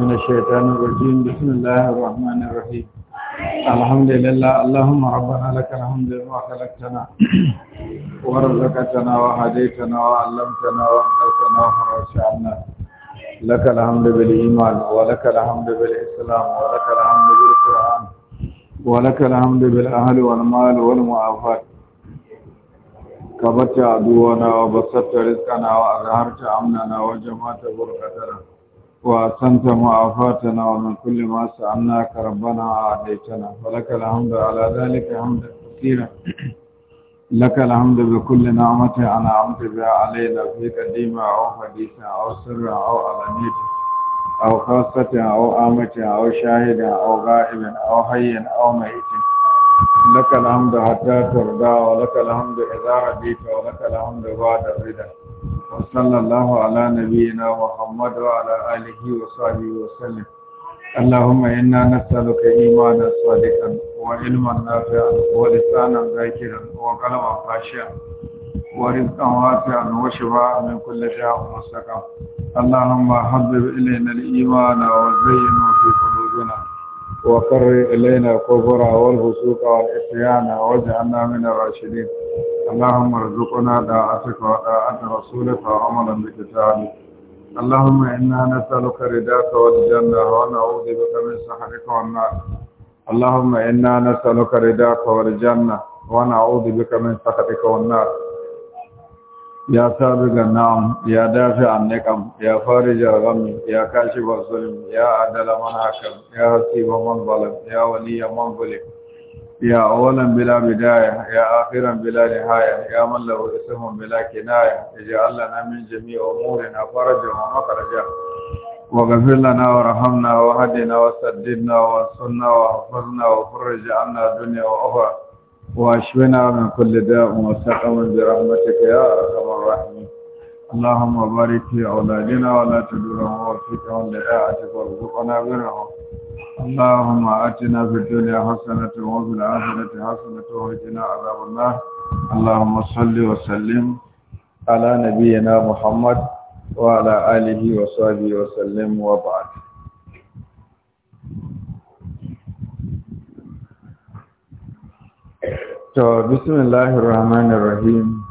من الشيطان الرجيم بسم الله الرحمن الرحيم الحمد لله اللهم ربنا لك الحمد ما خلقتنا ورزقتنا وهديتنا وعلمتنا وانقذتنا وفرجت عنا لك الحمد بالإيمان ولك الحمد بالإسلام ولك الحمد بالقرآن ولك الحمد بالأهل والمال والمعافات كبت عدونا وبسطت رزقنا وأظهرت أمننا وجمعت بركتنا وأتمت معافاتنا ومن كل ما سألناك ربنا عاديتنا ولك الحمد على ذلك حمدا كثيرا لك الحمد بكل نعمة أنا أنعمت بها علينا في قديمة أو حديثة أو سرة أو علانية أو خاصة أو آمة أو شاهدة أو غائبة أو حي أو ميت لك الحمد حتى ترضى ولك الحمد إذا رضيت ولك الحمد بعد الرضا وصلى الله على نبينا محمد وعلى آله وصحبه وسلم اللهم إنا نسألك إيمانا صادقا وعلما نافعا ولسانا ذاكرا وقلما خاشعا ورزقا واسعا وشفاء من كل شاء مستقام اللهم حبب إلينا الإيمان وزينه في قلوبنا وقر إلينا الكفر والفسوق والعصيان واجعلنا من الراشدين اللهم ارزقنا داعتك وداعة رسولك وعملا بكتابك اللهم إنا نسألك رداك والجنة ونعوذ بك من سحرك والنار اللهم إنا نسألك رداك والجنة ونعوذ بك من سخطك والنار يا سابق النعم يا دافع النقم يا فارج الغم يا كاشف الظلم يا عدل من حكم يا حسيب من ظلم يا ولي من ظلم يا أولا بلا بداية يا آخرا بلا نهاية يا من له اسم بلا كناية اجعل لنا من جميع أمورنا فرجا ومخرجا وغفر لنا ورحمنا وهدنا وسددنا وانصرنا وحفظنا وفرج عنا دنيا وأخرى واشفنا من كل داء وسقم برحمتك يا أرحم الراحمين اللهم بارك في أولادنا ولا تدرهم وفقهم لآياتك وارزقنا برهم اللهم آتنا في الدنيا حسنة وفي الآخرة حسنة وقنا عذاب النار اللهم صل وسلم على نبينا محمد وعلى آله وصحبه وسلم وبعد To, bismillahir rahmanir rahim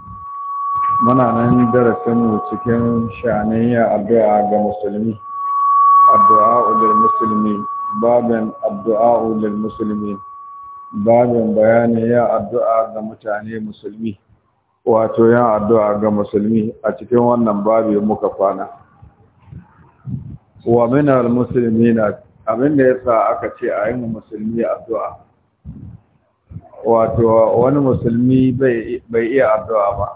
muna nan darasinmu cikin sha'anayya addu'a ga musulmi, addu'a ulil musulmi babin addu'a lil muslimin babin bayanin yin addu'a ga mutane musulmi wato yin addu'a ga musulmi a cikin wannan babi muka kwana wa muslimin muslimina da yasa aka ce a yi musulmi addu'a wato wani musulmi bai iya addu'a ba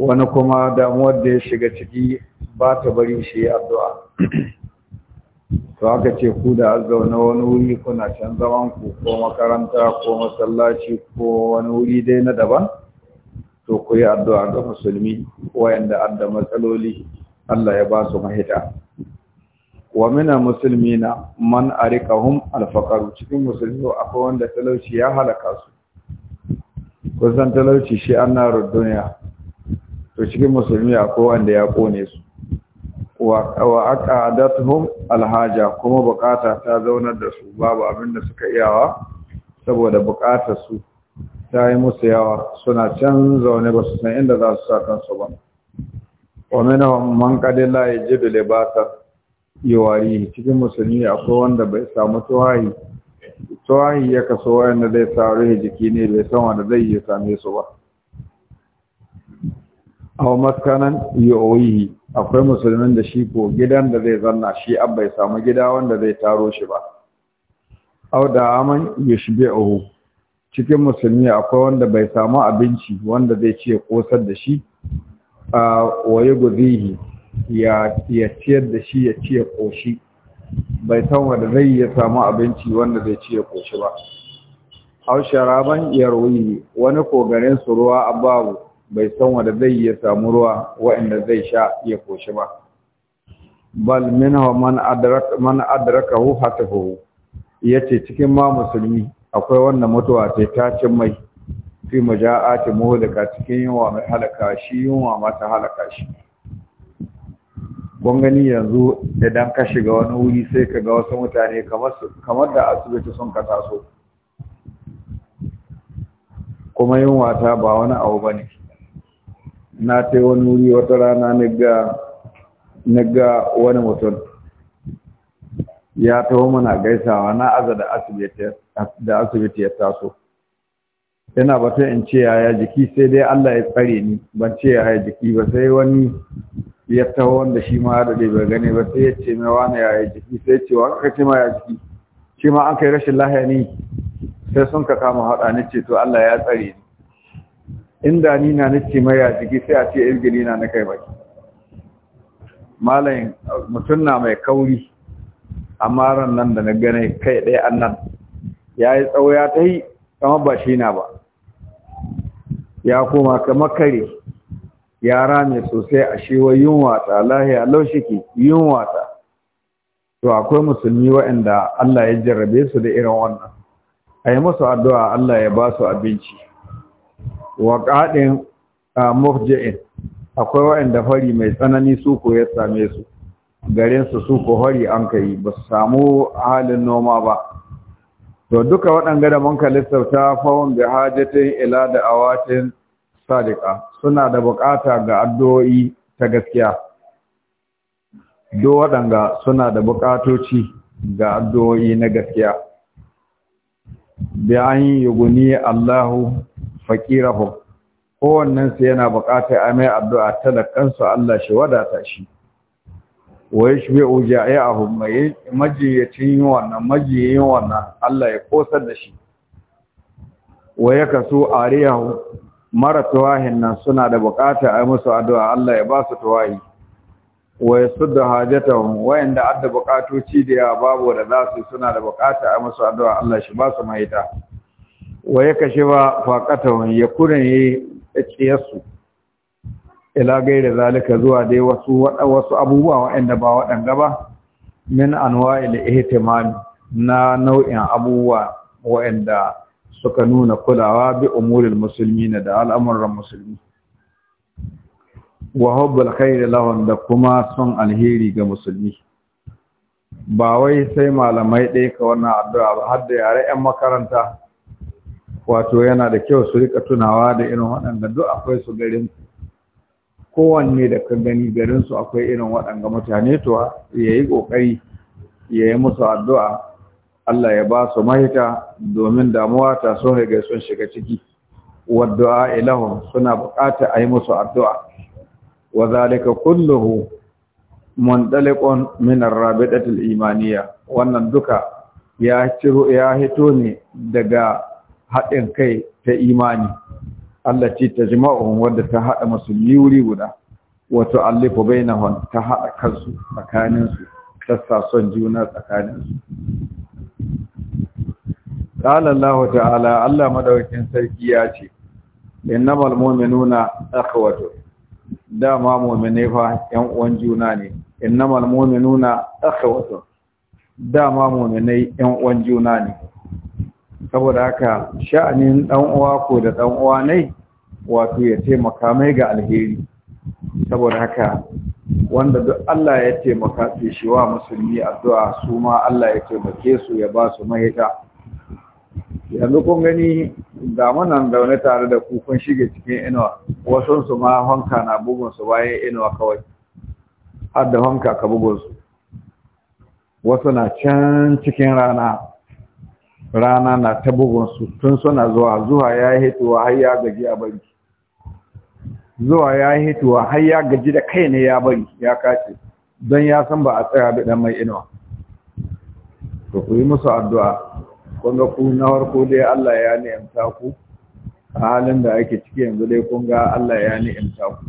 wani kuma damuwar da ya shiga ciki ba ta bari shi addu'a to aka ce ku da azzauna wani wuri kuna can zaman ku ko makaranta ko masallaci ko wani wuri dai na daban to ku yi addu'a ga musulmi wayanda adda matsaloli Allah ya ba su mahita wa mina musulmina man arikahum alfaqaru cikin musulmi akwai wanda talauci ya halaka su kusan talauci shi an na to cikin musulmi akwai wanda ya kone su wa aqadatuhum alhaja kuma bukata ta zaunar da su babu abin da suka iyawa saboda bukatar su ta yi musu yawa suna can zaune ba su san inda za su sa kansu ba wa minhum man qad la yajidu libasa yawari cikin musulmi akwai wanda bai samu tuwayi tuwayi ya kaso wanda zai sa jiki ne bai san wanda zai yi same su ba aw maskanan yawihi akwai musulmin da shi ko gidan da zai zanna shi an bai samu gida wanda zai taro shi ba au da aman yushbi'uhu cikin musulmi akwai wanda bai samu abinci wanda zai ci ya kosar da shi a waye guzihi ya ciyar da shi ya ci ya koshi bai san wanda zai ya samu abinci wanda zai ci ya koshi ba au sharaban yarwi wani kogarin su ruwa ababu bai san wanda zai ya samu ruwa wa'anda zai sha ya koshi ba bal minhu man adrak man adrakahu hatahu yace cikin ma musulmi akwai wannan mutuwa ce ta cin mai fi maja'ati muhlika cikin yunwa mai halaka shi yunwa ma ta halaka shi kun gani yanzu idan ka shiga wani wuri sai ka ga wasu mutane kamar da asibiti sun ka taso kuma yunwa ta ba wani abu bane na ta wani wuri wata rana na ga wani mutum ya taho mana gaisawa na aza da asibiti ya taso yana batun in ce yaya jiki sai dai Allah ya tsare ni ban ce yaya jiki ba sai wani ya taho wanda shi ma da bai gane ba sai ya ce mai wani yaya jiki sai ce wa ka ce ma ya jiki shi ma an kai rashin lahani sai sun ka kama haɗa ni ce to Allah ya tsare ni inda ni na nace mai ya jigi sai a ce irgini na na kai baki malayin mutum na mai kauri amma ran nan da na gane kai ɗaya annan ya yi tsawo ya ta yi kamar ba shi na ba ya koma kamar kare Ya rame sosai a shewa yin wata lahiya laushiki yin wata to akwai musulmi waɗanda Allah ya jarrabe su da irin wannan a yi musu addu'a Allah ya ba su abinci wa qadin mufji'in akwai waɗanda fari mai tsanani su ko ya same su garin su ko fari an kai ba su samu halin noma ba to duka waɗanda da mun lissafta fawon da hajatin ila da awatin sadiqa suna da bukata ga addu'o'i ta gaskiya do waɗanda suna da bukatoci ga addu'o'i na gaskiya bi an yi guni Allahu faqirahum wannan sai yana buƙatar a mai addu'a su Allah shi wadata shi wa yashbi'u ja'i'ahum mai majiyacin wannan majiyin wannan Allah ya kosar da shi ka yakasu ariyahu mara tawahin nan suna da buƙatar a musu addu'a Allah ya ba su tawahi wa yasuddu hajatahum wayanda adda buƙatoci da ya babu da zasu suna da buƙatar a musu addu'a Allah shi ba su mahita wa ya kashe ba faƙatawan ya kuren ya ciyarsu ila gaira zalika zuwa dai wasu wasu abubuwa waɗanda ba waɗanda ba min anwa'il ihtimali na nau'in abubuwa waɗanda suka nuna kulawa bi Musulmi na, da al'amuran musulmi wa hubbul khair lahum da kuma son alheri ga musulmi ba wai sai malamai ɗaya ka wannan addu'a ba har da yare 'yan makaranta wato yana da kyau su rika tunawa da irin waɗanda duk akwai su garin kowanne da ka gani garin su akwai irin waɗanda mutane to ya yi ƙoƙari ya yi musu addu'a Allah ya ba su mahita domin damuwa ta so ga sun shiga ciki wadda'a Ilahu suna buƙatar a yi musu addu'a wa zalika kulluhu mundaliqun min ar imaniya wannan duka ya ciro ya hito ne daga haɗin kai ta imani Allah ce ta jima'un wanda ta haɗa musulmi wuri guda wato allifa bai na hon ta haɗa kansu tsakaninsu ta sa son juna tsakaninsu ƙalallahu ta'ala Allah maɗaukin sarki ya ce inna malmomi nuna aka wato dama momi ne fa ‘yan uwan juna ne inna malmomi nuna aka wato dama momi ne ‘yan uwan juna ne’ saboda haka sha'anin dan uwa ko da dan uwa ne wato ya taimaka mai ga alheri saboda haka wanda duk Allah ya taimaka su shi wa musulmi addu'a su ma Allah ya taimake su ya ba su mahita yanzu kun gani ga da zaune tare da ku shiga shige cikin inuwa Wasan su ma honka na bugun su bayan inuwa kawai har da honka ka bugun su wasu na can cikin rana rana na ta bugunsu tun suna zuwa zuwa ya yi hituwa har ya gaji a bari zuwa ya yi hituwa har ya gaji da kai ne ya bari ya kace don ya san ba a tsaya da dan mai inuwa to ku yi musu addu'a kun ga ku na farko dai Allah ya ni'imta ku halin da ake ciki yanzu dai kun ga Allah ya ni'imta ku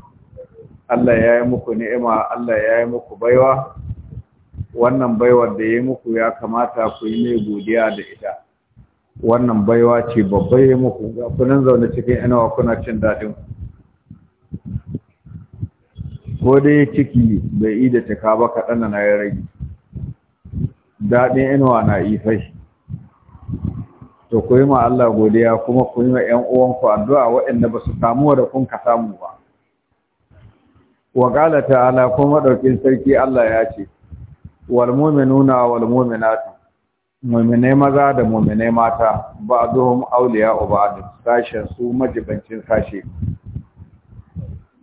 Allah ya yi muku ni'ima Allah ya yi muku baiwa wannan baiwar da ya yi muku ya kamata ku yi mai godiya da ita wannan baiwa ce babba ya muku ga kunan zaune cikin yanawa kuna cin daɗin ko dai ciki bai yi da cika ba kaɗan na ya rage daɗin inawa na ifai to ku yi ma Allah godiya kuma ku yi ma ‘yan uwanku addu'a waɗanda ba su samu da kun ka samu ba wa ƙala ta'ala kuma ɗaukin sarki Allah ya ce walmomi nuna, walmomi nata. mumine maza da mumine mata ba ba'dhum awliya'u ba'd sashen su majibancin sashe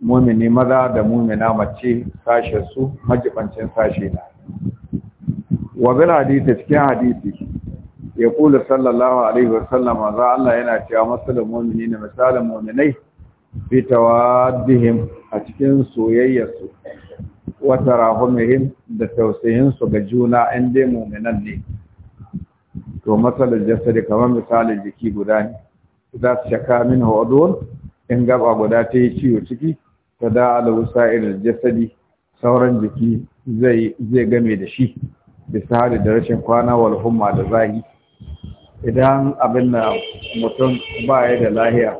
mumine maza da mu'mina mace sashen su majibancin sashe na wa bil hadisi cikin hadisi ya kula sallallahu alaihi wasallam za Allah yana cewa masalul na misalin mu'minai fi tawaddihim a cikin soyayyarsu wa tarahumihim da tausayinsu ga juna in dai mu'minan ne to matsalar jasadi kamar misalin jiki guda ne za su shaka min hudun in gaba guda ta yi ciwo ciki ta da alawusa irin jasadi sauran jiki zai game da shi bisa hali da rashin kwana wal humma da zahi idan abin na mutum ba ya da lahiya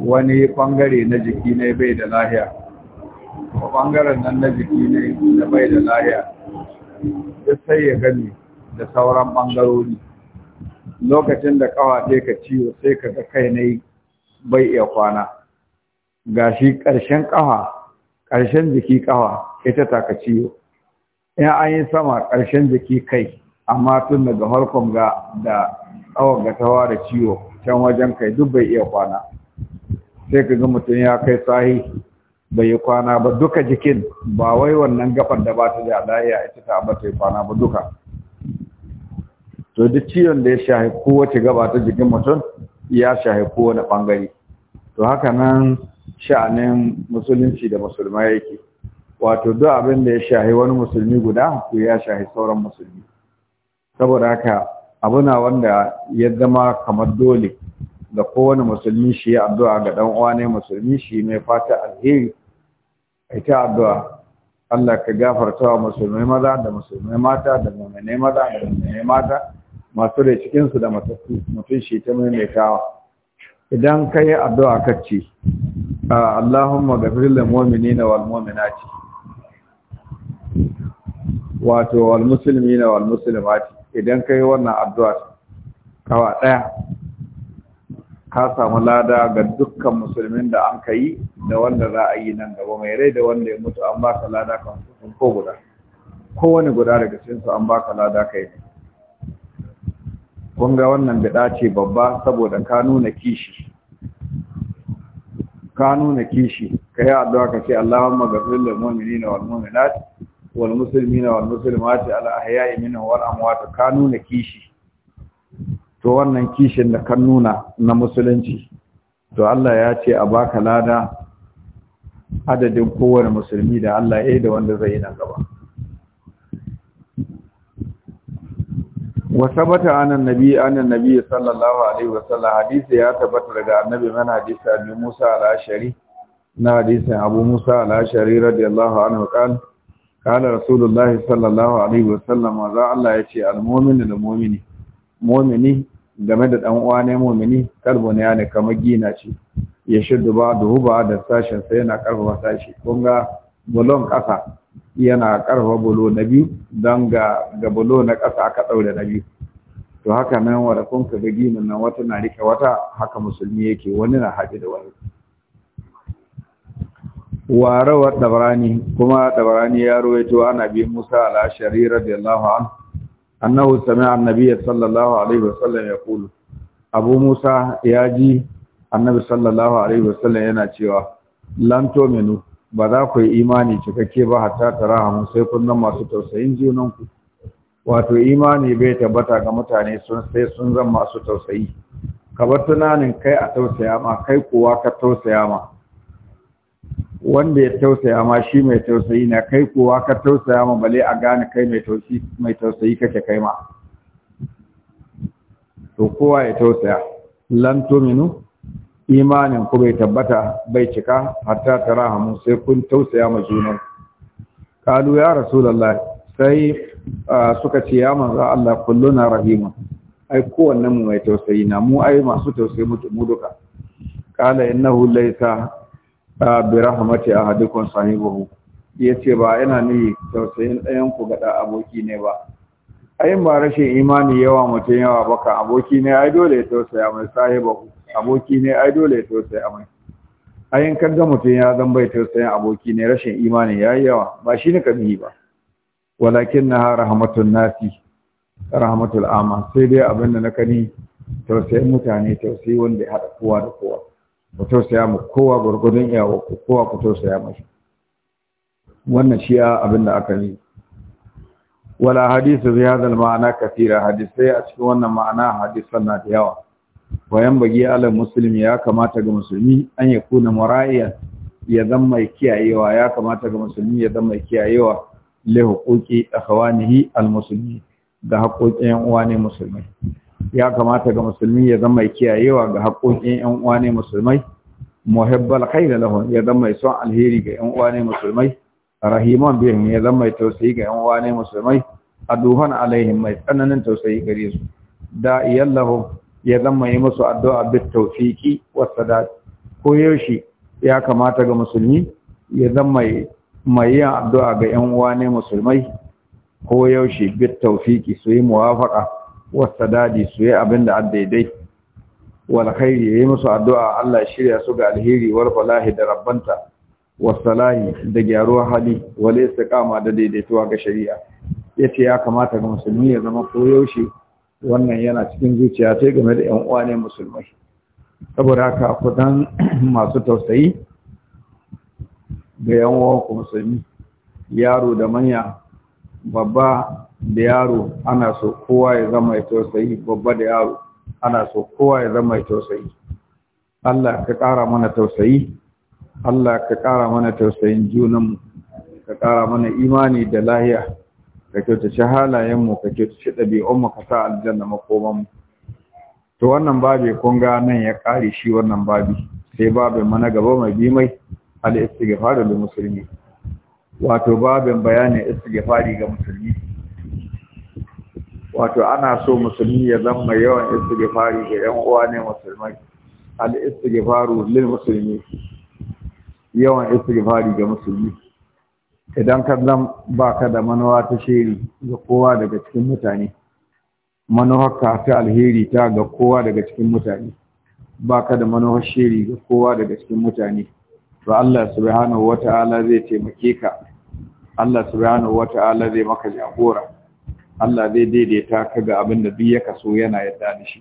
wani bangare na jiki ne bai da lahiya bangaren nan na jiki ne da bai da lahiya duk sai ya gani da sauran ɓangarori. lokacin da ƙawa sai ka ciwo sai ka ga kai nai bai iya kwana gashi ƙarshen ƙawa ƙarshen jiki kawa ita ta ka ciwo in an yi sama ƙarshen jiki kai amma tun daga harkon ga da awon ga tawa da ciwo can wajen kai duk bai iya kwana sai ka ga mutum ya kai sahi bai yi kwana ba duka jikin ba wai wannan gafar da ba ta da lahiya ita ta ba ta yi kwana ba duka to duk ciwon da ya shahi kowace gaba ta jikin mutum ya shahi kowane bangare to haka nan sha'anin musulunci da musulma yake wato duk abin da ya shahi wani musulmi guda ko ya shahi sauran musulmi saboda haka abuna wanda ya zama kamar dole da kowane musulmi shi ya addu'a ga dan uwa ne musulmi shi mai fata alheri ita addu'a Allah ka gafarta wa musulmai maza da musulmai mata da mu'minai maza da mu'minai mata masu da cikinsu da matattu mutum shi ta mai kawo idan ka yi addu'a kacce Allahumma gafir lil na walmomina ce wato walmusulmi na walmusulma ce idan ka yi wannan addu'a kawa daya ka samu lada ga dukkan musulmin da an ka yi da wanda za a yi nan gaba mai rai da wanda ya mutu an baka lada kan ko guda kowane guda daga cikinsu an baka lada kai ne kun ga wannan bida ce babba saboda ka nuna kishi ka nuna kishi ka yi addu'a ka ce Allahumma ghafir lil mu'minina wal mu'minat wal muslimina wal muslimat ala ahya'i minhum wal amwat ka nuna kishi to wannan kishin da kan nuna na musulunci to Allah ya ce a baka lada adadin kowane musulmi da Allah ya yi da wanda zai yi nan gaba wasabata anan nabi anan nabi sallallahu alaihi wasallam hadisi ya tabbata daga annabi man hadisi abi Musa al na hadisin Abu Musa al radiyallahu anhu kan kana rasulullahi sallallahu alaihi wasallam za Allah yace al-mu'minu lil mu'mini mu'mini game da dan uwana ne mu'mini kalbo ne kamar gina ce ya shuddu ba duhu ba da sashin sai yana karfafa sashi kun ga bulon yana karfa bulo na biyu don ga ga bulo na ƙasa aka ɗaure na biyu to haka nan wa kun ka ga ginin nan wata na rike wata haka musulmi yake wani na haɗe da wani wa rawar kuma Dabrani ya to ana bi musa al-ashari radiyallahu anhu annahu sami'a annabiyya sallallahu alaihi wasallam yaqulu abu musa ya ji annabi sallallahu alaihi wasallam yana cewa lan tu'minu ba za ku yi imani cikakke ba hatta rahamu sai kun nan masu tausayin junanku wato imani bai tabbata ga mutane sun sai sun zan masu tausayi ka bar tunanin kai a tausaya ma kai kowa ka tausaya ma wanda ya tausaya ma shi mai tausayi na kai kowa ka tausaya ma bale a gane kai mai tausayi kake kai ma to kowa ya tausaya lan tuminu imanin ku bai tabbata bai cika hatta tarahamu sai kun tausaya ma junan kalu ya rasulullah sai suka ce ya manzo Allah kulluna rahima ai kowannen mu mai tausayi na mu ai masu tausayi mu duka kala innahu laysa bi rahmati ahadikum sahibuhu yace ba yana ni tausayin ɗayan ku ga aboki ne ba ayin ba rashin imani yawa mutum yawa baka aboki ne ai dole ya tausaya mai ku. aboki ne ai dole ya tausaya mai ayin ga mutum ya zan bai tausayin aboki ne rashin imani yi yawa ba shi ne kabihi ba walakin na rahmatun nasi rahmatul ama sai dai abin da na kani tausayin mutane tausayi wanda ya haɗa kowa da kowa ku tausaya mu kowa gwargwadon iyawa kowa ku tausaya mashi wannan shi abin da aka yi wala hadisu bi hadha al-ma'ana kathira hadisai a cikin wannan ma'ana hadisan na da yawa wayan bagi alal muslimi ya kamata ga musulmi an ya kuna maraiya ya zama mai kiyayewa ya kamata ga musulmi ya zama mai kiyayewa li huquqi akhwanihi al muslimi da haƙoƙin ƴan uwa ne musulmai ya kamata ga musulmi ya zama mai kiyayewa ga haƙoƙin ƴan uwa ne musulmai muhibbal khair lahum ya zama mai son alheri ga ƴan uwa ne musulmai rahiman bihin ya zama mai tausayi ga yan wane musulmai aduhan alaihim mai tsananin tausayi gare su da iyallahu ya zama yi musu addu'a bit tawfiqi was da ko ya kamata ga musulmi ya zama mai yin addu'a ga yan wane musulmai Koyaushe yaushe bit tawfiqi su yi muwafaqa was sadadi su yi abinda daidai. wal khairi yi musu addu'a Allah shirya su ga alheri wal falahi da rabbanta wasalahi da gyaruwar hali wale kama da daidaituwa ga shari'a yace ya kamata ga musulmi ya zama koyaushe wannan yana cikin zuciya sai game da yan uwa ne musulmai saboda haka ku masu tausayi ga yan uwa ku musulmi yaro da manya babba da yaro ana so kowa ya zama ya tausayi babba da yaro ana so kowa ya zama ya tausayi Allah ka ƙara mana tausayi Allah ka ƙara mana tausayin junanmu ka ƙara mana imani da lahiya ka kyauta shi halayenmu ka kyauta shi ɗabi'unmu ka sa aljanna makomanmu to wannan babi kun ga nan ya ƙare shi wannan babi sai babin mana gaba mai bi mai al-istighfaru lil musulmi wato babin bayanin istighfari ga musulmi wato ana so musulmi ya zama yawan istighfari ga yan uwa ne musulmai al istighfaru lil musulmi yawan istighfari ga musulmi idan ka zan baka da manowa ta shiri ga kowa daga cikin mutane ka ta alheri ta ga kowa daga cikin mutane baka da manowar shiri ga kowa daga cikin mutane to Allah subhanahu wata'ala zai taimake ka Allah subhanahu wata'ala zai maka jagora Allah zai daidaita ka ga abin da duk ya kaso yana yadda da shi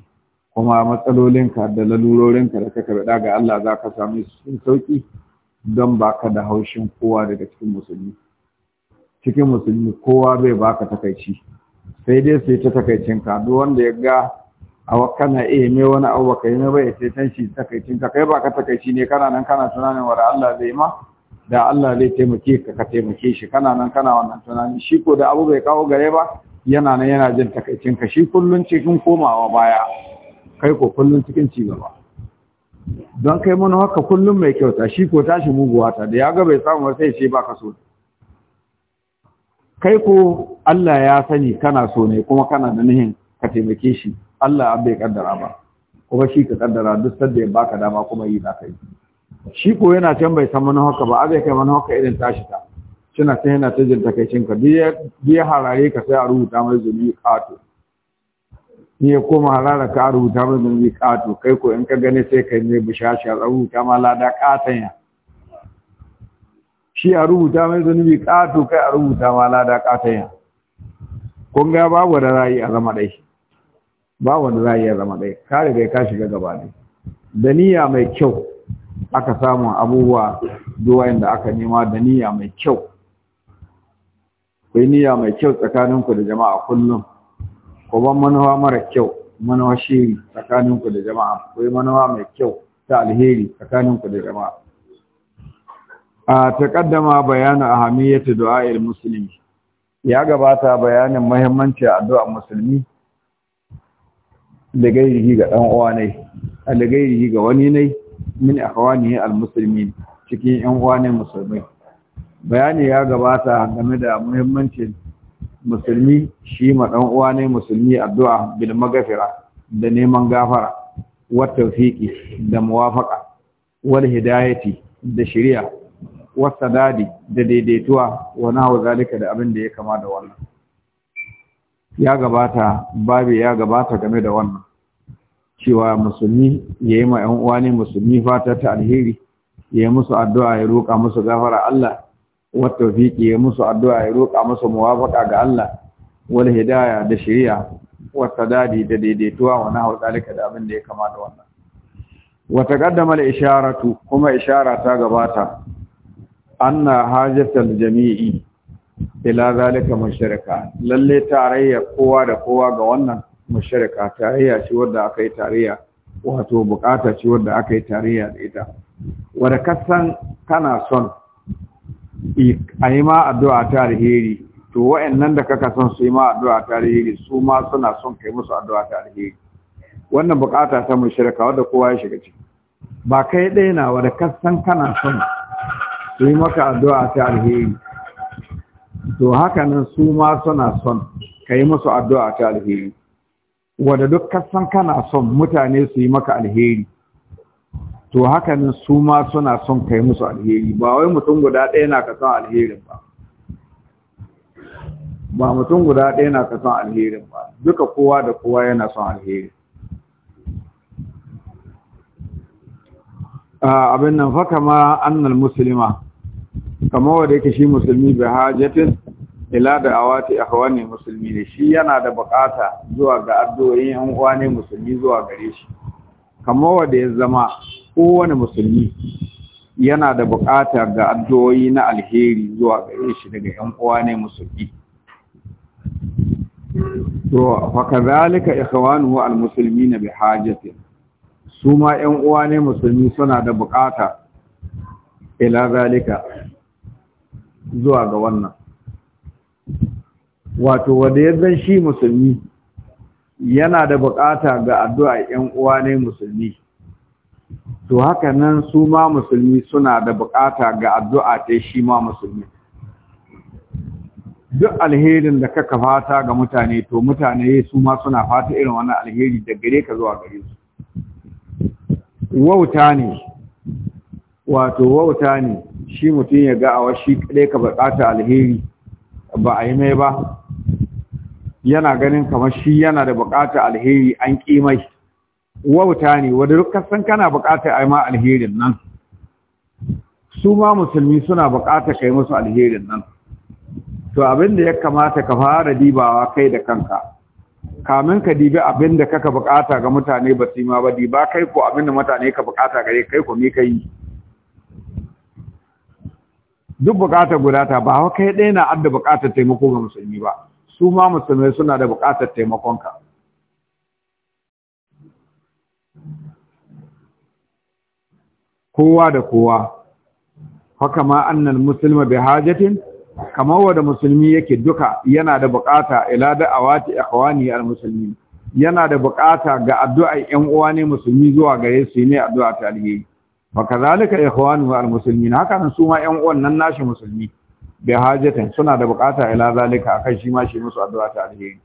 kuma matsalolinka da lalurorinka da ka karɓa ga Allah za ka sami su sauƙi don ba ka da haushin kowa daga cikin musulmi cikin musulmi kowa bai baka takaici sai dai sai ta takaicinka duk wanda ya ga a kana iya mai wani abu baka yi bai sai ta shi takaicinka kai baka takaici ne kana nan kana tunanin wa Allah zai ma da Allah zai taimake ka ka taimake shi kana nan kana wannan tunanin? shi ko da abu bai kawo gare ba yana nan yana jin takaicinka shi kullun cikin komawa baya kai ko kullun cikin cigaba don kai mana haka kullum mai kyauta shi ko tashi muguwa ta da ya ga bai samu sai ce baka so kai ko Allah ya sani kana so ne kuma kana da nihin ka taimake shi Allah bai kaddara ba kuma shi ka kaddara duk sanda ya baka dama kuma yi za ka yi shi ko yana can bai san mana haka ba bai kai mana haka irin tashi ta suna sai yana ta jin takaicin ka duk harare ka sai a rubuta mai zuri kato ya koma harara ka rubuta mai zunubi kato kai ko in ka gani sai kai mai bushasha rubuta ma lada katon ya shi a rubuta mai zunubi kato kai a rubuta ma lada katon ya kun ga babu da rayu a zama dai babu da rayu a zama dai ka riga ka shiga gaba ne da niyya mai kyau aka samu abubuwa duwa inda aka nema da niyya mai kyau kai niyya mai kyau tsakaninku da jama'a kullum ko ban manuwa mara kyau manuwa shiri tsakaninku da jama'a ko yi mai kyau ta alheri tsakaninku da jama'a a taƙaddama bayanu ahamiyyatu il musulmi ya gabata bayanin muhimmanci addu'a musulmi da gairihi ga ɗan uwa ne da gairihi ga wani ne min al musulmi cikin ƴan uwa ne musulmai bayani ya gabata game da muhimmancin musulmi shi ma dan uwa ne musulmi addu'a bil magafira da neman gafara wa tawfiqi da muwafaqa wal hidayati da shari'a wa sadadi da daidaituwa wa nahu zalika da abin da ya kama da wannan ya gabata babu ya gabata game da wannan cewa musulmi yayi ma yan uwa ne musulmi fata ta alheri yayi musu addu'a ya roƙa musu gafara Allah watafiki ya musu addu'a ya roƙa musu muwafaka ga Allah wal hidaya da shari'a Wata Dadi da daidaituwa wa nahu zalika da abin da ya kamata da wannan wata taqaddama da isharatu kuma ishara ta gabata anna hajjatar jami'i ila zalika mashirka lalle tarayya kowa da kowa ga wannan mashirka tarayya ce wanda aka yi tarayya wato bukata ce wanda aka yi tarayya da ita wadda kasan kana son a yi ma addu'a ta alheri to wa'annan da kaka son su yi ma addu'a ta alheri su ma suna son kai musu addu'a ta alheri wannan bukata ta shirka wadda kowa ya shiga ciki ba kai ɗaya na wadda kasan kana son su yi maka addu'a ta alheri to haka nan su ma suna son ka yi musu addu'a ta alheri wadda duk kasan kana son mutane su yi maka alheri to hakanin su ma suna son kai musu alheri ba wai mutum guda ɗaya na ka san alherin ba ba mutum guda ɗaya na ka san alherin ba duka kowa da kowa yana son alheri abin nan fa kama annal muslima kama wanda yake shi musulmi bi hajatin ila da awati akhwani musulmi ne shi yana da bukata zuwa ga addu'o'in yan uwa ne musulmi zuwa gare shi kama wanda ya zama kowane musulmi yana da buƙatar ga addu'o'i na alheri zuwa gare shi daga ‘yan uwa ne musulmi. To, faka zalika ikhwanuhu al-musulmi na bi hajjatin, su ma ‘yan uwa ne musulmi suna da buƙata ila zalika zuwa ga wannan. Wato, wadda zan shi musulmi yana da buƙata ga addu'a ‘yan uwa ne musulmi. to haka nan su ma musulmi suna da bukata ga addu'a ta shi ma musulmi duk alherin da kaka fata ga mutane to mutane su ma suna fata irin wani alheri da gare ka zuwa gare su wauta ne wato wauta ne shi mutum ya ga awa shi kadai ka bukata alheri ba a yi mai ba yana ganin kamar shi yana da bukata alheri an ƙi mai wauta ne wadda duk kasan kana bukatar a yi ma alherin nan su ma musulmi suna bukatar kai musu alherin nan to abin da ya kamata ka fara dibawa kai da kanka kamin ka dibi abin da kaka bukata ga mutane ba su ma ba diba kai ko abin da mutane ka bukata gare kai ko me kai duk bukatar guda ta ba kai ɗaya na adda bukatar taimako ga musulmi ba su ma musulmai suna da bukatar taimakonka kowa da kowa haka ma annal muslima bi hajatin kamar wanda musulmi yake duka yana da bukata ila awati ikhwani al muslimi yana da bukata ga addu'a ƴan uwa ne musulmi zuwa gare su ne addu'a ta alheri wa kazalika ikhwanu al-muslimin haka nan su ma ƴan uwan nan nashi musulmi bi hajatin suna da bukata ila zalika akan shi ma shi musu addu'a ta alheri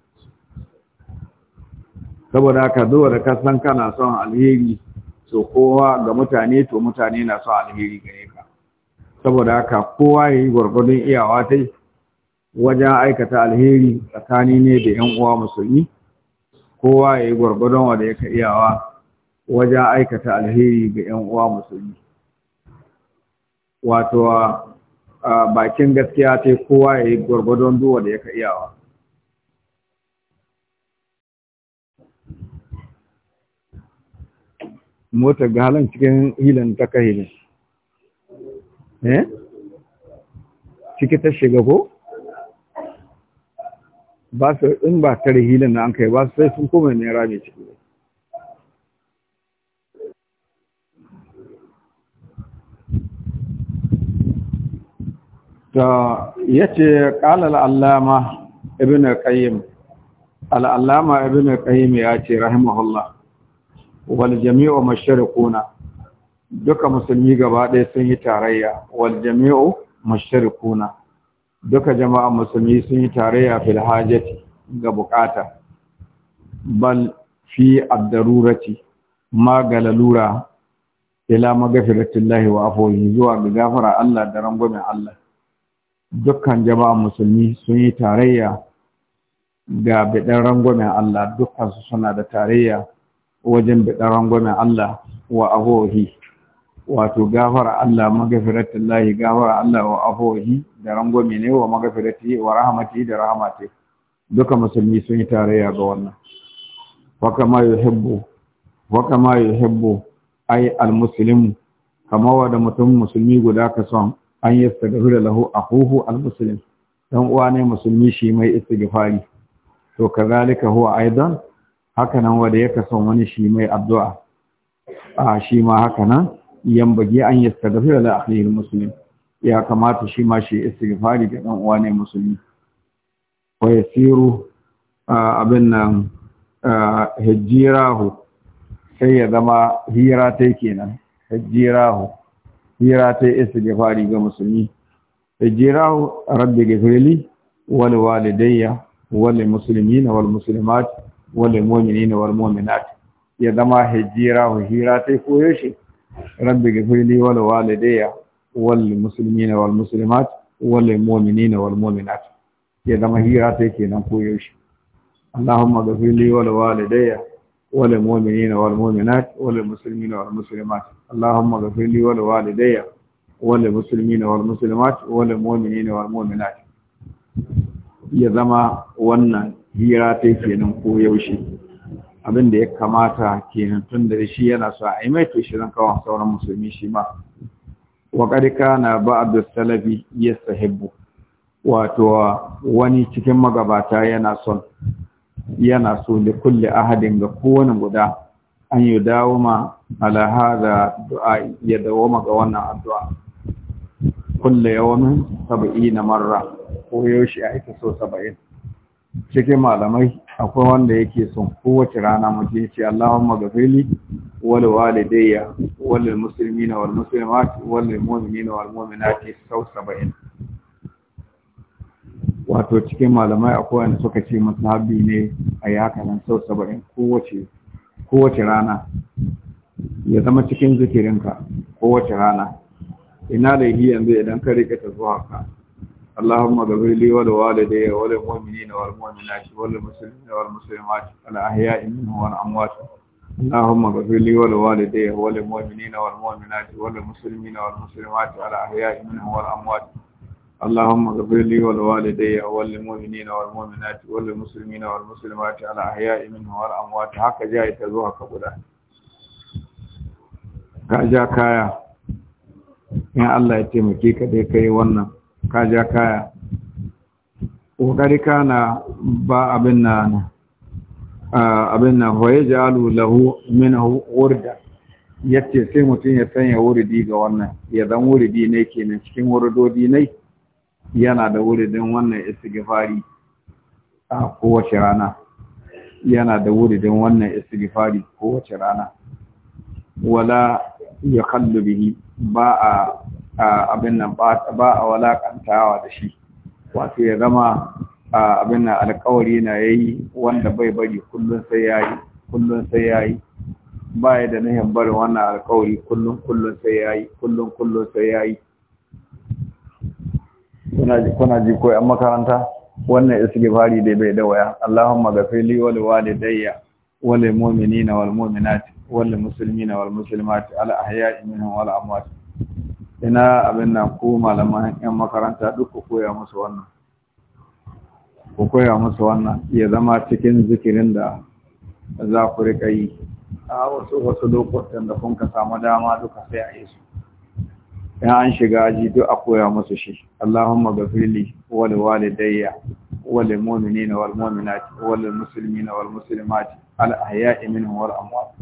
saboda haka dole ka san kana son alheri so kowa ga mutane to mutane na son alheri gare ka saboda haka kowa yayi gwargwadon iyawa ta wajen aikata alheri tsakani ne da yan uwa musulmi kowa yayi gwargwadon wanda yake iyawa wajen aikata alheri ga yan uwa musulmi wato bakin gaskiya ta kowa yayi gwargwadon duwa da yake iyawa motar ga halin cikin hilin ta ne eh ciki ta shiga ko ba su in ba tare hilin na an kai ba su sai sun koma ne rami ciki ta yace qala al-allama ibnu qayyim al-allama ibnu qayyim ya ce rahimahullah wal jami'u mashariquna duka musulmi gaba ɗaya sun yi tarayya wal jami'u mashariquna duka jama'a musulmi sun yi tarayya fil hajati ga bukata bal fi ad-darurati ma galalura ila magfiratillahi wa afohi zuwa ga gafara Allah da rangwamen Allah dukkan jama'a musulmi sun yi tarayya ga bidan rangwamen Allah dukkan su suna da tarayya wajen biɗar rangwamen Allah wa ahohi wato gafara Allah magafirat lahi gafara Allah wa ahohi da rangwame ne wa magafirat wa rahmati da rahmati duka musulmi sun yi tarayya ga wannan wa kama yuhibbu wa kama yuhibbu ay almuslimu kama wa mutum musulmi guda ka son an yi da lahu akuhu almuslim dan uwa ne musulmi shi mai istighfari to kazalika huwa aidan haka nan wanda ya kaso wani shi mai addu'a a shi ma haka nan yan bage an da li akhihi muslim ya kamata shi ma shi istighfari ga dan uwa ne musulmi wa yasiru abin nan hijjirahu sai ya zama hira ta kenan hijjirahu hira ta istighfari ga musulmi hijjirahu rabbi ghfirli wal walidayya wal muslimina wal muslimat wale mu'mini ne war mu'minat ya zama hijira wa hira tai koyo shi rabbi ghfirli wa walidayya wal muslimina wal muslimat wal mu'minina wal mu'minat ya zama hira tai kenan koyo shi allahumma ghfirli wal walidayya wal mu'minina wal mu'minat wal muslimina wal muslimat allahumma ghfirli wa walidayya wal muslimina wal muslimat wal mu'minina wal mu'minat ya zama wannan hira ta kenan ko yaushe abin da ya kamata kenan tun da shi yana so a yi mai to shirin sauran musulmi shi ma wa ƙarika na ba ba'd salafi sahibu? wato wani cikin magabata yana son yana so da kulle ahadin ga kowane guda an yi dawo ma alaha da du'a ya dawo ma ga wannan addu'a kulle saba'i na marra ko yaushe a ita so saba'in. cikin malamai akwai wanda yake son kowace rana mutum ce Allahumma gafili wal walidayya wal muslimina wal muslimat wal mu'minina wal mu'minati sau 70 wato cikin malamai akwai wanda suka ce musahabi ne a yakanan sau 70 kowace kowace rana ya zama cikin zikirinka kowace rana ina da yi yanzu idan ka rike ta zuwa ka اللهم اغفر لي ولوالدي وللمؤمنين والمؤمنات وللمسلمين والمسلمات الاحياء منهم والاموات اللهم اغفر لي ولوالدي وللمؤمنين والمؤمنات وللمسلمين والمسلمات الاحياء منهم والاموات اللهم اغفر لي ولوالدي وللمؤمنين والمؤمنات وللمسلمين والمسلمات الاحياء منهم والاموات حق جاءت ta قبلها kabura ka ja kaya in Allah ya taimake wannan ka ja kaya ƙoƙarika na ba abin na abin na hoye jalu lahu min wurda yace sai mutum ya sanya wuridi ga wannan ya zan wuridi ne kenan cikin wuridodi ne yana da wuridin wannan istighfari a kowace rana yana da wuridin wannan istighfari kowace rana wala ya kallu bihi ba a abin nan ba a walakantawa da shi wato ya zama abin nan alkawari na ya yi wanda bai bari kullum sai ya yi kullum sai ya yi ba ya da nahin barin wannan alkawari kullum kullum sai ya yi kullum kullum sai ya yi kuna ji ko yan makaranta wannan istighfari dai bai da waya Allahumma ghafirli wa liwalidayya wa lil mu'minina wal mu'minat wal muslimina wal muslimat ala ahya'i minhum wal amwat ina abin nan ko malaman yan makaranta duk ku koya musu wannan ku koya musu wannan ya zama cikin zikirin da za ku riƙa yi a wasu wasu lokutan da kun ka samu dama duka sai a yi su in an shiga aji duk a koya musu shi Allahumma gafirli wa li walidayya wa lil mu'minina wal mu'minati wa lil muslimina wal muslimati al ahya'i minhum wal amwat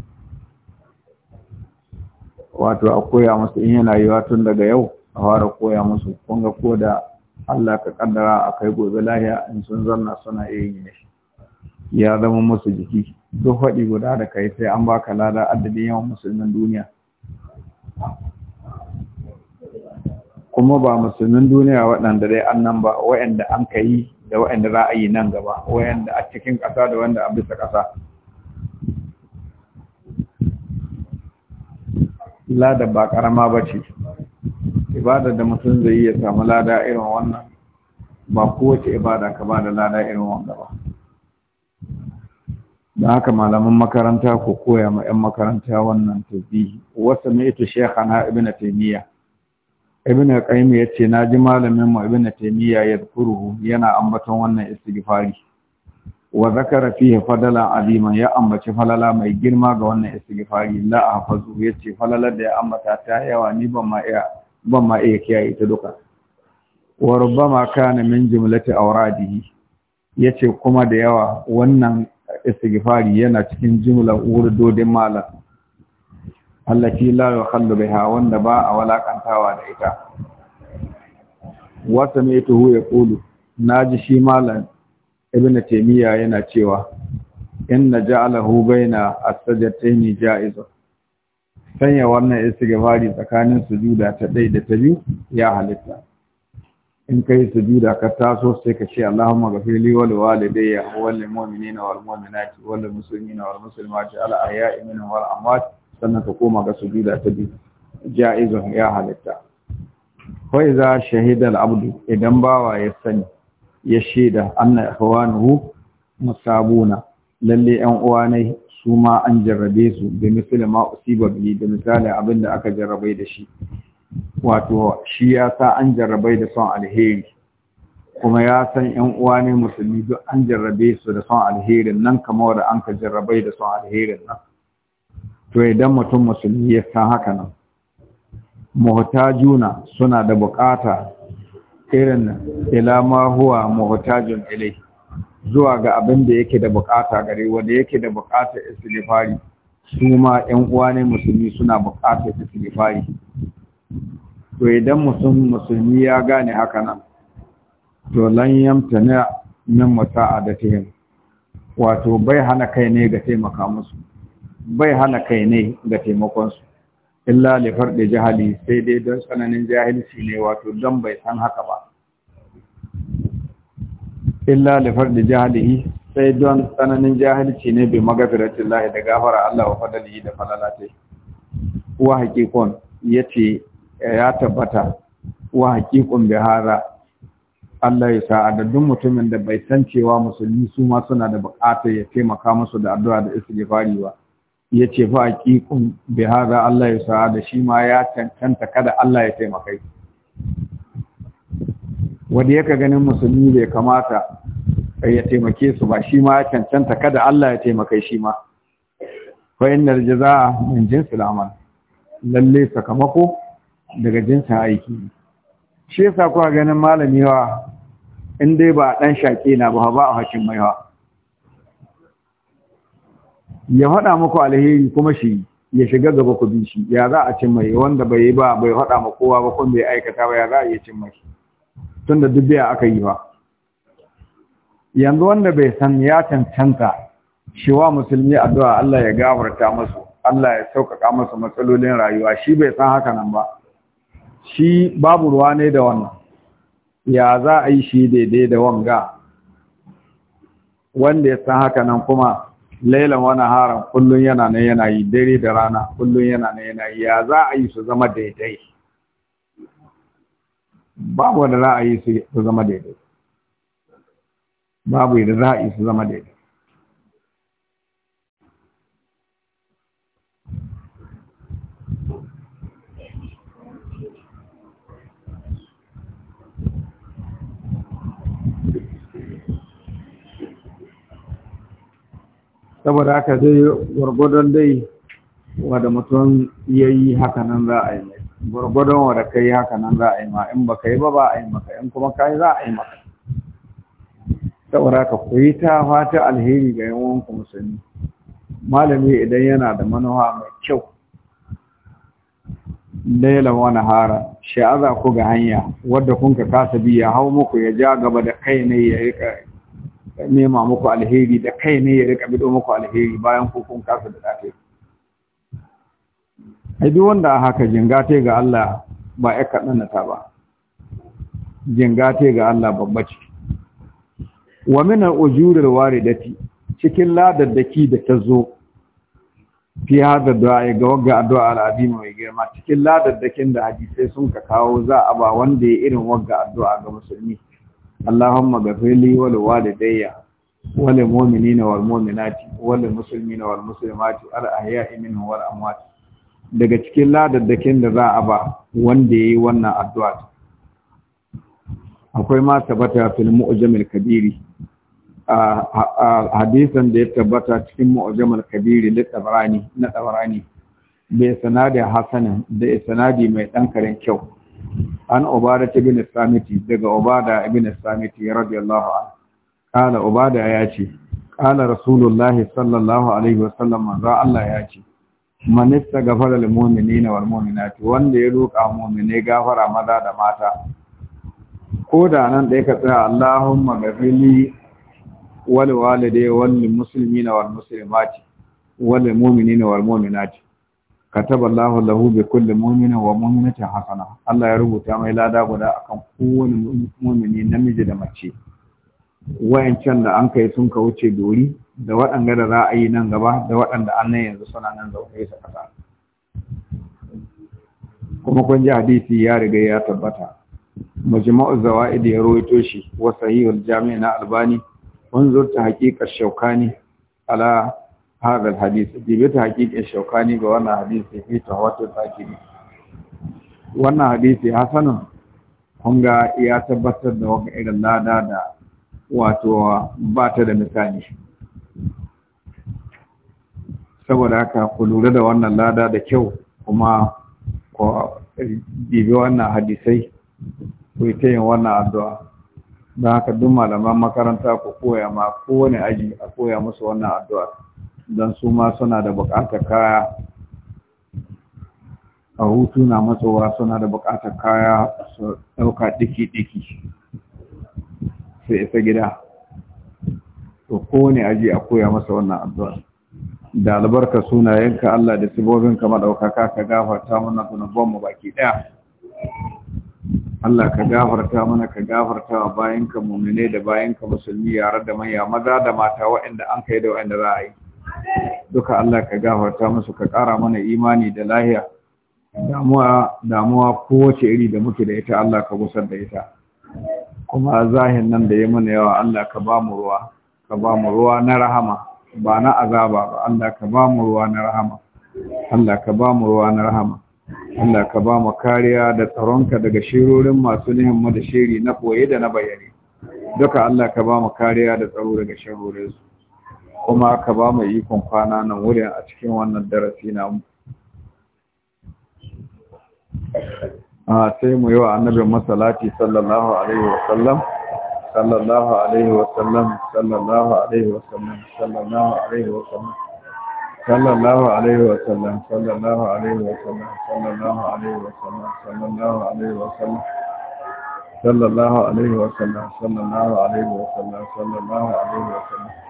wato a koya musu in yana yiwa tun daga yau a fara koya musu kun ga ko da Allah ka kaddara a kai gobe lahiya in sun zanna suna iya yi ne ya zama musu jiki duk faɗi guda da kai sai an baka lada adadin yawan musulmin duniya kuma ba musulmin duniya waɗanda dai an nan ba waɗanda an ka yi da waɗanda za a yi nan gaba waɗanda a cikin ƙasa da wanda a bisa ƙasa lada ba karama ba ce ibada da mutum zai yi ya samu lada irin wannan ba kowace ibada ka ba da lada irin wanda ba da haka malaman makaranta ko koya ma 'yan makaranta wannan tasbihi wasu mai ita shekhana ibn taimiyya ibn qayyim ya ce na ji malamin mu ibn taimiyya ya yana ambaton wannan istighfari wa zakara fihi fadala azima ya ambaci falala mai girma ga wannan istighfari la ahfazu yace falalar da ya ambata ta yawa ni ban ma iya ban ma iya kiyaye ta duka wa rubbama kana min jumlati awradihi yace kuma da yawa wannan istighfari yana cikin jumla urdodin malam allati la yukhallu biha wanda ba a walakantawa da ita wa ya yaqulu naji shi malam ibn taymiya yana cewa inna ja'alahu baina as-sajdatayn ja'izun sanya wannan istighfari tsakanin sujuda ta ɗaya da ta biyu ya halitta in kai sujuda ka taso sai ka ce Allahumma ghafir li wa liwalidayya wa lil mu'minina wal mu'minati wa lil muslimina wal muslimati ala ahya'i minhum wal amwat sannan ka koma ga sujuda ta biyu ja'izun ya halitta wa idza shahida al abdu idan bawa ya sani ya shaida anna ikhwanuhu musabuna lalle yan uwa ne su ma an jarrabe su da misali ma usiba bi da misali abin da aka jarrabe da shi wato shi ya sa an jarrabe da son alheri kuma ya san yan uwa ne musulmi duk an jarrabe su da son alherin nan kamar da an ka jarrabe da son alherin nan to idan mutum musulmi ya san haka nan muhtajuna suna da bukata irin ila ma huwa muhtajun ilai zuwa ga abin da yake da bukata gare wanda yake da bukatar istighfari su ma ƴan uwa ne musulmi suna bukatar istighfari to idan mutum musulmi ya gane haka nan to lan na min muta'adatihim wato bai hana kai ne ga taimaka musu bai hana kai ne ga taimakon su illa li farɗe jahali sai dai don tsananin jahilci ne wato don bai san haka ba illa li farɗe jahali sai don tsananin jahilci ne bai magafiratin lahi da gafara Allah wa fadali da falalatai wa haƙiƙon ya ce ya tabbata wa haƙiƙon bihara Allah ya sa adadin mutumin da bai san cewa musulmi su ma suna da buƙatar ya taimaka musu da addu'a da istighfari ba ya ce fa haƙiƙun bi hada Allah ya sa da shi ma ya cancanta kada Allah ya taimakai. wanda yaka ganin musulmi bai kamata ya taimake su ba shi ma ya cancanta kada Allah ya taimakai shi ma fa innal jazaa min jinsil amal lalle sakamako daga jinsin aiki shi yasa kuwa ganin malami wa in dai ba dan shaƙe na ba ba a hakin maiwa ya faɗa muku alheri kuma shi ya shiga gaba ku bi shi ya za a cimma wanda bai yi ba bai faɗa ma kowa ba kuma bai aikata ba ya za a iya cimma shi tunda duk biya aka yi ba yanzu wanda bai san ya cancanta shi wa musulmi addu'a Allah ya gafarta masu Allah ya sauƙaƙa masu matsalolin rayuwa shi bai san haka nan ba shi babu ruwa ne da wannan ya za a yi shi daidai da wanga wanda ya san haka nan kuma lailan wani haram kullum yana nan yana yi dare da rana kullum yana nan yana yi ya za a yi su zama daidai babu wanda za a yi su zama daidai babu yadda za a yi su zama daidai saboda haka zai gwargwadon dai wada mutum ya yi haka nan za a yi mai gwargwadon wada ka yi haka nan za a yi ma in ba ka yi ba ba a yi maka in kuma ka yi za a yi maka saboda haka ku yi ta fata alheri ga yawan ku musulmi malami idan yana da manuwa mai kyau laila wani hara sha'aza ku ga hanya wadda kun ka kasa biya hau muku ya ja gaba da kai ne ya yi nema muku alheri da kai ne ya rika bido muku alheri bayan ku kun kasa da date ai duk wanda haka jingate ga Allah ba ya kadan ta ba jingate ga Allah babba ce wa mina ujurar ware waridati cikin ladaddaki da ta zo fi hada ga wagga addu'a al'azima mai girma cikin ladaddakin da sai sun ka kawo za a ba wanda ya irin wagga addu'a ga musulmi Allahumma اغفر لي ولوالدي wa والمؤمنات وللمسلمين والمسلمات mu'minati wa lil muslimina wal muslimati al ahya'i minhum daga cikin ladaddakin da za a ba wanda yayi wannan addu'a akwai ma tabbata fil al kabiri a hadisan da ya tabbata cikin al kabiri na tabarani na tabarani bai sanadi hasanin da sanadi mai dan karen kyau an ubada ibn samiti daga Obada ibn samiti radiyallahu anhu kana Obada ya ce kana rasulullah sallallahu alaihi wasallam manzo Allah ya ce man istaghfara lil mu'minina wal mu'minati wanda ya roƙa mu'mine gafara maza da mata ko da nan dai ka tsaya Allahumma ghafirli wal walidayya wal muslimina wal muslimati wal mu'minina wal mu'minati kataba Allah lahu bi kulli mu'minin wa mu'minatin hasana Allah ya rubuta mai lada guda akan kowane mu'mini namiji da mace wayancan da an kai sun ka wuce dori da waɗanda da za a yi nan gaba da waɗanda an nan yanzu suna nan zaune su kasa kuma kun ji ya riga ya tabbata majma'u zawaid ya rawaito shi wa sahihul jami' na albani wanzur ta haqiqa shaukani ala هذا الحديث جبت حقيقة الشوكاني بوانا حديث في تهوات الفاكري وانا حديث حسن tabbatar يا تبتت دوك إلى الله دادا ba ta دا misali saboda haka ku lura da wannan lada da kyau kuma ku bibi wannan hadisai ku yi ta yin wannan addu'a haka duk malaman makaranta ku koya ma kowane aji a koya musu wannan addu'a don su ma suna da buƙatar kaya a hutu na matsowa suna da buƙatar kaya su ɗauka ɗiki-ɗiki su isa gida to kowane aji a koya masa wannan addu'a da albarka sunayenka Allah da sibobinka maɗaukaka ka gafarta mana mu baki ɗaya Allah ka gafarta mana ka gafarta wa bayanka mummune da bayanka musulmi yare da manya maza da mata waɗanda an kai da waɗanda za a yi duka Allah ka gafarta musu ka ƙara mana imani da lahiya damuwa damuwa kowace iri da muke da ita Allah ka gusar da ita kuma zahin nan da ya mana yawa Allah ka ba mu ruwa ka ba mu ruwa na rahama ba na azaba ba Allah ka ba mu ruwa na rahama Allah ka ba mu ruwa na rahama Allah ka ba mu kariya da tsaronka daga shirorin masu nihin da shiri na koye da na bayani duka Allah ka ba mu kariya da tsaro daga shirorinsu. kuma ka ba mu ikon kwana nan wurin a cikin wannan darasi namu a sai mu yi wa annabin masalati sallallahu alaihi wasallam sallallahu alaihi wasallam sallallahu alaihi wasallam sallallahu alaihi wasallam sallallahu alaihi wasallam sallallahu alaihi wasallam sallallahu alaihi wasallam sallallahu alaihi wasallam sallallahu alaihi wasallam sallallahu alaihi wasallam sallallahu alaihi wasallam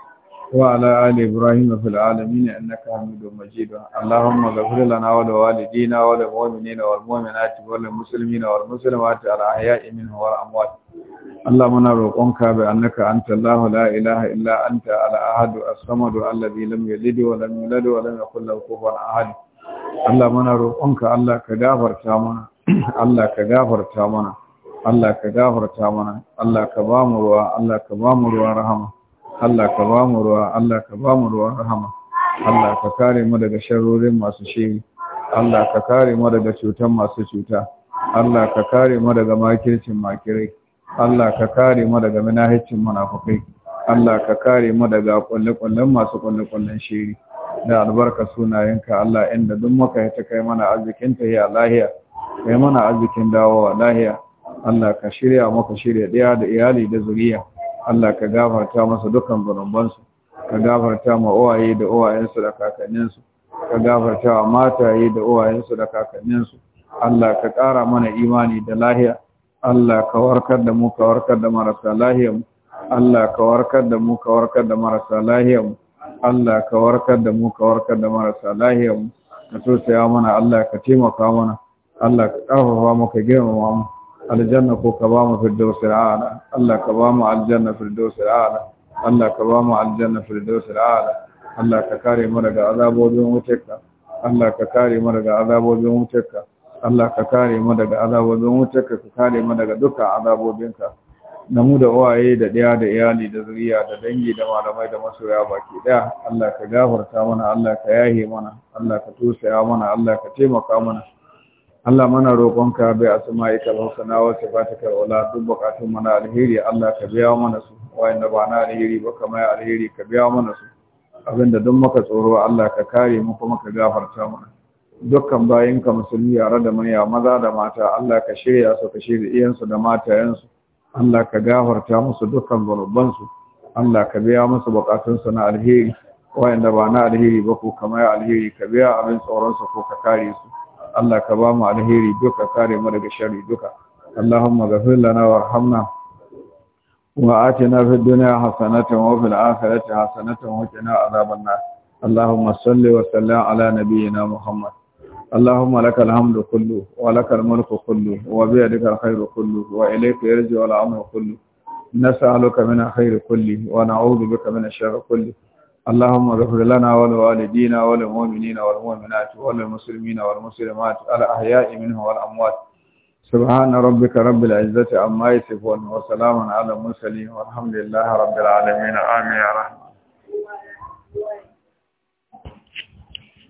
وعلى آل إبراهيم في العالمين إنك حميد مجيد اللهم اغفر لنا ولوالدينا وللمؤمنين والمؤمنات وللمسلمين والمسلمات الأحياء منهم والأموات اللهم نروقك بأنك أنت الله لا إله إلا أنت الأحد الصمد الذي لم يلد ولم يولد ولم يكن له كفوا أحد اللهم نروقك الله كغفرتا منا الله كغفرتا منا الله كغفرتا منا الله كبامروا الله كبامروا رحمه Allah ka ba mu ruwa Allah ka ba mu ruwa rahama Allah ka kare mu daga sharorin masu shiri Allah ka kare mu daga cutan masu cuta Allah ka kare mu daga makircin makirai Allah ka kare mu daga minahicin munafukai Allah ka kare mu daga kulle-kullen masu kulle-kullen shiri da albarka sunayenka Allah inda duk muka yi ta kai mana arzikin ya lahiya kai mana arzikin dawowa lahiya Allah ka shirya muka shirya ɗaya da iyali da zuriya Allah ka gafarta masa dukan zunubansu ka gafarta ma uwaye da uwayensu da kakanninsu ka gafarta wa mataye da uwayensu da kakanninsu Allah ka ƙara mana imani da lahiya Allah ka warkar da mu ka warkar da marasa lahiyar mu Allah ka warkar da mu ka warkar da marasa lahiyar mu Allah ka warkar da mu ka warkar da marasa lahiyar mu ka tausaya mana Allah ka taimaka mana Allah ka ƙarfafa mu ka girmama mu aljanna ko ka ba mu firdausul a'la Allah ka ba mu aljanna firdausul a'la Allah ka ba mu aljanna firdausul a'la Allah ka kare mu daga azabobin wutarka Allah ka kare mu daga azabobin wutarka Allah ka kare mu daga azabobin wutarka ka kare mu daga dukkan azabobinka na mu da waye da ɗaya da iyali da zuriya da dangi da malamai da masoya baki ɗaya Allah ka gafarta mana Allah ka yahe mana Allah ka tusaya mana Allah ka taimaka mana Allah mana roƙonka bai asma'ika al-husna wa sifatika al-ula duk bukatun mana alheri Allah ka biya mana su wayanda ba na alheri ba kamar alheri ka biya mana su abinda duk muka tsoro Allah ka kare mu kuma ka gafarta mana dukkan bayinka musulmi yare da manya maza da mata Allah ka shirya su ka shirya iyansu da matayensu Allah ka gafarta musu dukkan zanubansu Allah ka biya musu bukatunsu na alheri wayanda ba na alheri ba ko kamar alheri ka biya abin tsoronsu ko ka kare su Allah ka ba mu alheri duka kare mu daga sharri duka Allahumma ghfir lana warhamna wa atina fid dunya hasanatan wa fil akhirati hasanatan wa qina adhaban nar Allahumma salli wa sallim ala nabiyyina Muhammad اللهم لك الحمد كله ولك الملك كله وبيدك الخير كله وإليك يرجع الأمر كله نسألك من الخير كله ونعوذ بك من الشر كله اللهم اغفر لنا ولوالدينا وللمؤمنين والمؤمنات وللمسلمين والمسلمات الأحياء منهم والأموات سبحان ربك رب العزة عما يصفون وسلام على المرسلين والحمد لله رب العالمين آمين يا رحمن